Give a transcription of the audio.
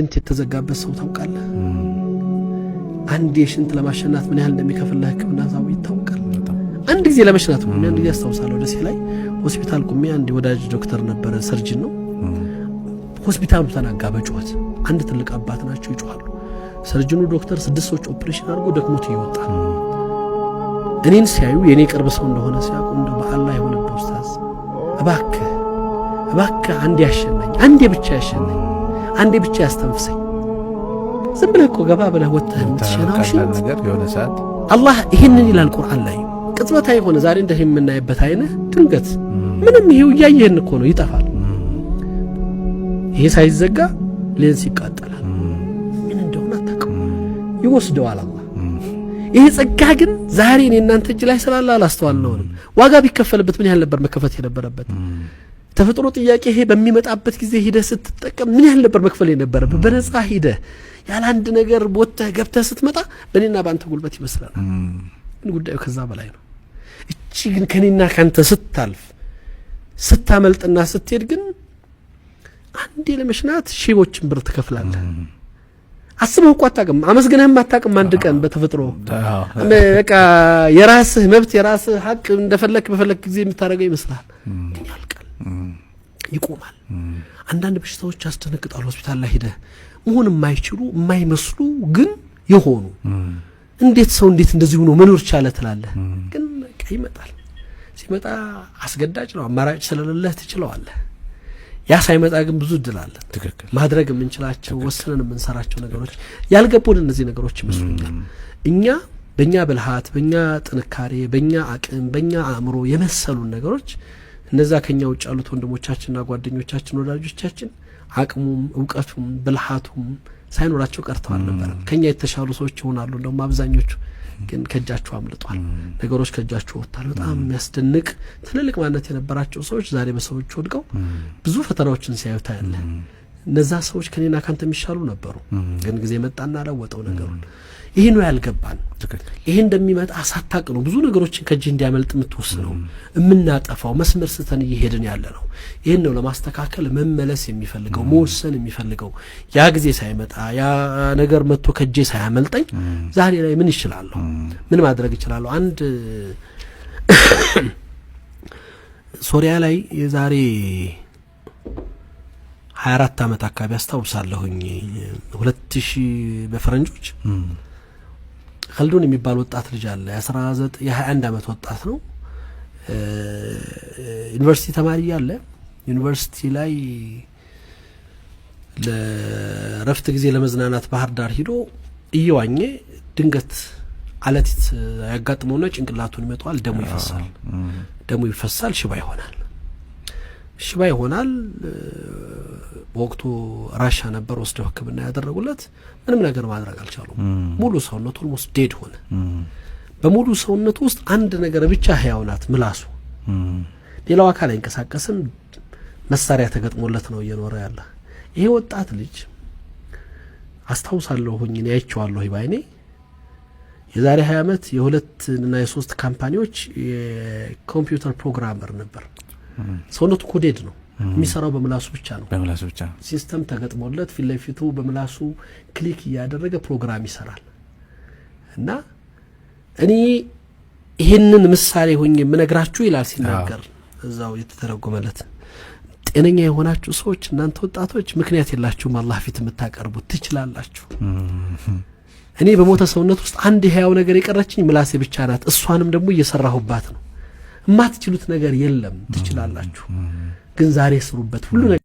ሽንት የተዘጋበት ሰው ታውቃለህ። አንድ የሽንት ለማሸናት ምን ያህል እንደሚከፍል ሕክምና ዛው ይታወቃል። አንድ ጊዜ ለመሽናት ነው። አንድ ጊዜ አስታውሳለሁ፣ ደሴ ላይ ሆስፒታል ቁሜ አንድ ወዳጅ ዶክተር ነበረ፣ ሰርጅን ነው። ሆስፒታሉ ተናጋ በጩኸት አንድ ትልቅ አባት ናቸው፣ ይጮኋሉ። ሰርጅኑ ዶክተር ስድስት ሰዎች ኦፕሬሽን አድርጎ ደክሞት ይወጣል። እኔን ሲያዩ የእኔ ቅርብ ሰው እንደሆነ ሲያውቁ እንደ በአላ የሆነበ ኡስታዝ፣ እባክህ እባክህ አንድ ያሸናኝ፣ አንዴ ብቻ ያሸናኝ አንዴ ብቻ ያስተንፍሰኝ። ዝም ብለህ እኮ ገባ ብለህ ወጥተህ የምትሸናው አላህ ይህንን ይላል ቁርአን ላይ ቅጽበታ የሆነ ዛሬ እንደ የምናይበት አይነህ ድንገት ምንም ይሄው እያየህን እኮ ነው ይጠፋል። ይሄ ሳይዘጋ ሌንስ ይቃጠላል። ምን እንደሆነ አታውቅም፣ ይወስደዋል አላህ። ይሄ ጸጋ ግን ዛሬ እኔ እናንተ እጅ ላይ ስላለ አላስተዋል ነውንም። ዋጋ ቢከፈልበት ምን ያህል ነበር መከፈት የነበረበት? ተፈጥሮ ጥያቄ ይሄ በሚመጣበት ጊዜ ሂደህ ስትጠቀም ምን ያህል ነበር መክፈል የነበረ? በነፃ ሂደህ ያለ አንድ ነገር ቦተህ ገብተህ ስትመጣ በእኔና በአንተ ጉልበት ይመስላል። ግን ጉዳዩ ከዛ በላይ ነው። እቺ ግን ከኔና ከአንተ ስታልፍ ስታመልጥና ስትሄድ ግን አንዴ ለመሽናት ሺዎችን ብር ትከፍላለህ። አስበህ እኮ አታውቅም፣ አመስግነህም አታውቅም። አንድ ቀን በተፈጥሮ በቃ የራስህ መብት የራስህ ሀቅ እንደፈለክ በፈለክ ጊዜ የምታደርገው ይመስላል ይቆማል። አንዳንድ በሽታዎች ያስደነግጣሉ። ሆስፒታል ላይ ሄደ መሆን የማይችሉ የማይመስሉ ግን የሆኑ እንዴት ሰው እንዴት እንደዚህ ሆኖ መኖር ቻለ ትላለህ። ግን ይመጣል። ሲመጣ አስገዳጅ ነው፣ አማራጭ ስለሌለህ ትችለዋለህ። ያ ሳይመጣ ግን ብዙ እድል አለ። ማድረግ የምንችላቸው ወስነን የምንሰራቸው ነገሮች ያልገቡን እነዚህ ነገሮች ይመስሉኛል። እኛ በእኛ ብልሃት፣ በእኛ ጥንካሬ፣ በእኛ አቅም፣ በእኛ አእምሮ የመሰሉን ነገሮች እነዛ ከኛ ውጭ ያሉት ወንድሞቻችንና ጓደኞቻችን ወዳጆቻችን አቅሙም እውቀቱም ብልሃቱም ሳይኖራቸው ቀርተዋል ነበር። ከኛ የተሻሉ ሰዎች ይሆናሉ። እንደውም አብዛኞቹ ግን ከእጃችሁ አምልጧል፣ ነገሮች ከእጃችሁ ወጥቷል። በጣም የሚያስደንቅ ትልልቅ ማነት የነበራቸው ሰዎች ዛሬ በሰዎች ወድቀው ብዙ ፈተናዎችን ሲያዩ ያለ እነዛ ሰዎች ከኔና ካንተ የሚሻሉ ነበሩ፣ ግን ጊዜ መጣና አላወጠው ነገሩን። ይሄ ነው ያልገባን። ይሄ እንደሚመጣ አሳታቅ ነው ብዙ ነገሮችን ከእጅ እንዲያመልጥ የምትወስነው የምናጠፋው፣ መስመር ስተን እየሄድን ያለ ነው። ይህን ነው ለማስተካከል መመለስ የሚፈልገው መወሰን የሚፈልገው ያ ጊዜ ሳይመጣ ያ ነገር መጥቶ ከእጄ ሳያመልጠኝ ዛሬ ላይ ምን ይችላለሁ? ምን ማድረግ ይችላለሁ? አንድ ሶሪያ ላይ የዛሬ 24 ዓመት አካባቢ አስታውሳለሁኝ 2000 በፈረንጆች ከልዶን የሚባል ወጣት ልጅ አለ። የ19 የ21 ዓመት ወጣት ነው። ዩኒቨርሲቲ ተማሪ ያለ ዩኒቨርሲቲ ላይ ለረፍት ጊዜ ለመዝናናት ባህር ዳር ሂዶ እየዋኘ ድንገት አለቲት ያጋጥመውና ጭንቅላቱን ይመጣዋል። ደሙ ይፈሳል። ደሙ ይፈሳል። ሽባ ይሆናል። ሽባ ይሆናል። በወቅቱ ራሻ ነበር ወስደው ሕክምና ያደረጉለት። ምንም ነገር ማድረግ አልቻሉም። ሙሉ ሰውነቱ ኦልሞስት ዴድ ሆነ። በሙሉ ሰውነቱ ውስጥ አንድ ነገር ብቻ ህያው ናት፣ ምላሱ። ሌላው አካል አይንቀሳቀስም። መሳሪያ ተገጥሞለት ነው እየኖረ ያለ። ይሄ ወጣት ልጅ አስታውሳለሁ፣ ሁኝን ያይቸዋለሁ ባይኔ የዛሬ ሀያ ዓመት የሁለት የሶስት ካምፓኒዎች የኮምፒውተር ፕሮግራመር ነበር። ሰውነቱ ኮዴድ ነው። የሚሰራው በምላሱ ብቻ ነው። በምላሱ ብቻ ሲስተም ተገጥሞለት ፊት ለፊቱ በምላሱ ክሊክ እያደረገ ፕሮግራም ይሰራል እና እኔ ይህንን ምሳሌ ሆኜ የምነግራችሁ ይላል ሲናገር እዛው የተተረጎመለት ጤነኛ የሆናችሁ ሰዎች እናንተ ወጣቶች ምክንያት የላችሁም አላህ ፊት የምታቀርቡት ትችላላችሁ። እኔ በሞተ ሰውነት ውስጥ አንድ የህያው ነገር የቀረችኝ ምላሴ ብቻ ናት። እሷንም ደግሞ እየሰራሁባት ነው። የማትችሉት ነገር የለም፣ ትችላላችሁ። ግን ዛሬ ስሩበት ሁሉ